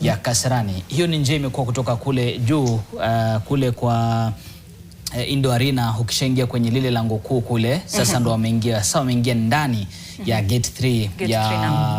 ya Kasarani. Hiyo ni njia imekuwa kutoka kule juu uh, kule kwa uh, Indo Arena ukishaingia kwenye lile lango kuu kule sasa, mhm. ndo wameingia sasa, wameingia ndani ya mhm. gate 3 ya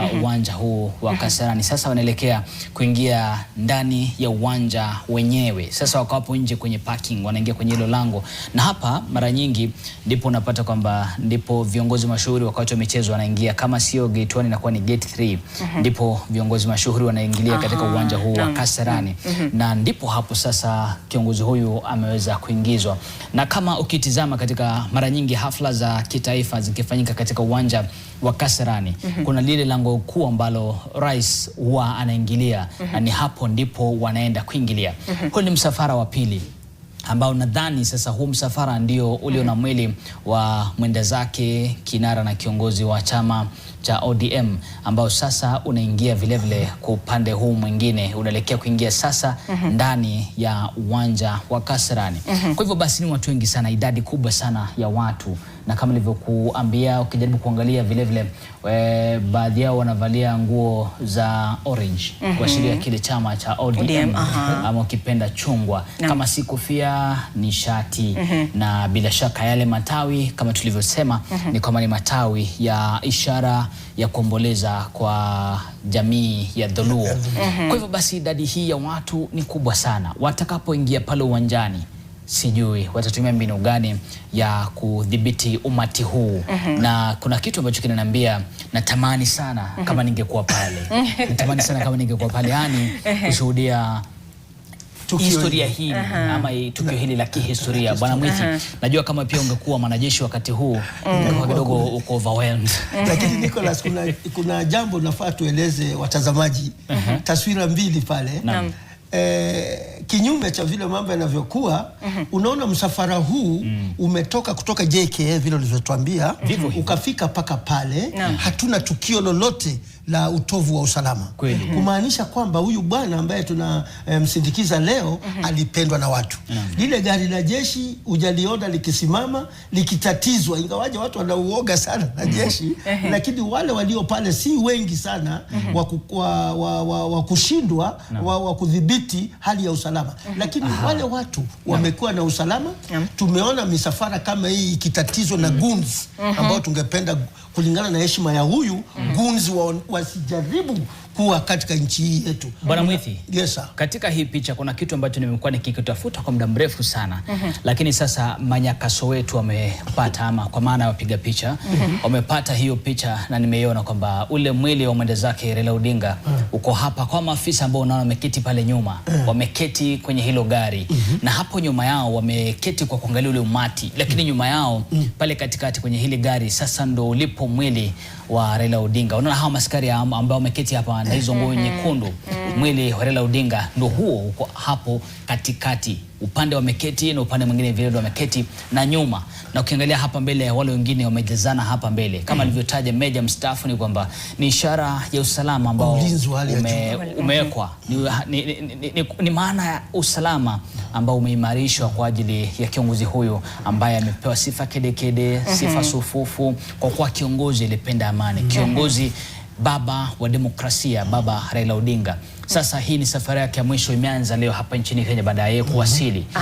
mhm. uwanja huu wa mhm. Kasarani. Sasa wanaelekea kuingia ndani ya uwanja wenyewe. Sasa wako hapo nje kwenye parking, wanaingia kwenye hilo lango, na hapa mara nyingi ndipo unapata kwamba ndipo viongozi mashuhuri wakati wa michezo wanaingia, kama sio gate 1 inakuwa ni gate 3, ndipo viongozi mashuhuri wanaingilia katika uwanja huu wa Kasarani, na ndipo hapo sasa kiongozi huyu ameweza kuingizwa, na kama ukitizama katika mara nyingi hafla za kitaifa zikifanyika katika uwanja wa Kasarani mm -hmm. kuna lile lango kuu ambalo rais huwa anaingilia mm -hmm. na ni hapo ndipo wanaenda kuingilia mm -hmm. Huo ni msafara wa pili ambao nadhani sasa huu msafara ndio ulio na mhm. mwili wa mwenda zake kinara na kiongozi wa chama cha ODM ambao sasa unaingia vilevile kwa upande huu mwingine, unaelekea kuingia sasa mm -hmm. ndani ya uwanja wa Kasarani mm -hmm. Kwa hivyo basi ni watu wengi sana, idadi kubwa sana ya watu na kama nilivyokuambia, ukijaribu kuangalia vile vile e, baadhi yao wanavalia nguo za orange mm -hmm. kuashiria kile chama cha ODM, ODM uh -huh. ama ukipenda chungwa no. kama si kofia ni shati mm -hmm. na bila shaka yale matawi kama tulivyosema mm -hmm. ni kwamba ni matawi ya ishara ya kuomboleza kwa jamii ya Dholuo mm -hmm. kwa hivyo basi idadi hii ya watu ni kubwa sana watakapoingia pale uwanjani sijui watatumia mbinu gani ya kudhibiti umati huu mm -hmm. na kuna kitu ambacho kinaniambia natamani sana mhm. kama ningekuwa pale mhm. natamani sana kama ningekuwa pale yani mhm. kushuhudia historia hii uh -huh. ama tukio hili la kihistoria Bwana Mwithi, uh -huh. najua kama pia ungekuwa mwanajeshi wakati huu ungekuwa kidogo uko overwhelmed, lakini Nicholas, kuna, kuna jambo nafaa tueleze watazamaji uh -huh. taswira mbili pale uh -huh. eh, kinyume cha vile mambo yanavyokuwa mm -hmm. Unaona msafara huu mm. umetoka kutoka JKA vile ulivyotuambia mm -hmm. ukafika mpaka pale -hmm. Hatuna tukio lolote la utovu wa usalama -hmm. kumaanisha kwamba huyu bwana ambaye tunamsindikiza eh, um, leo mm -hmm. alipendwa na watu mm -hmm. Lile gari la jeshi hujaliona likisimama likitatizwa, ingawaje watu wanauoga sana na mhm. jeshi mm -hmm. lakini wale walio pale si wengi sana mm -hmm. wa, wa, wa, wa, wa kushindwa no. wa, wa kudhibiti hali ya usalama usalama, lakini Aha. wale watu wamekuwa na usalama. Tumeona misafara kama hii ikitatizwa na -hmm. ambao tungependa kulingana na heshima ya huyu mm. goons wasijaribu kuwa katika nchi hii yetu. Bwana Mwithi, yes sir. Katika hii picha kuna kitu ambacho nimekuwa nikikitafuta kwa muda mrefu sana mm -hmm. Lakini sasa manyakaso wetu wamepata ama kwa maana wapiga picha mm -hmm. wamepata hiyo picha na nimeiona kwamba ule mwili wa mwende zake Raila Odinga mm -hmm. uko hapa kwa maafisa ambao unaona wameketi pale nyuma mm -hmm. wameketi kwenye hilo gari mm -hmm. na hapo nyuma yao wameketi kwa kuangalia ule umati, lakini mhm. nyuma yao mm -hmm. pale katikati kwenye hili gari sasa ndo ulipo mwili wa Raila Odinga. Unaona hawa maskari ambao wameketi hapa na hizo nguo mhm. nyekundu. Mhm. Mwili wa Raila Odinga ndo huo uko hapo katikati, upande wameketi na upande mwingine vile wameketi na nyuma, na ukiangalia hapa mbele wale wengine wamejazana hapa mbele kama mhm. alivyotaja meja mstaafu, ni kwamba ni ishara ya usalama ambao umewekwa, ni ni, ni, ni, ni maana ya usalama ambao umeimarishwa kwa ajili ya kiongozi huyo ambaye amepewa sifa kedekede kede, sifa sufufu kwa kuwa kiongozi alipenda amani, kiongozi baba wa demokrasia, baba Raila Odinga. Sasa hii ni safari yake ya mwisho, imeanza leo hapa nchini Kenya baada ya yeye kuwasili. -hmm.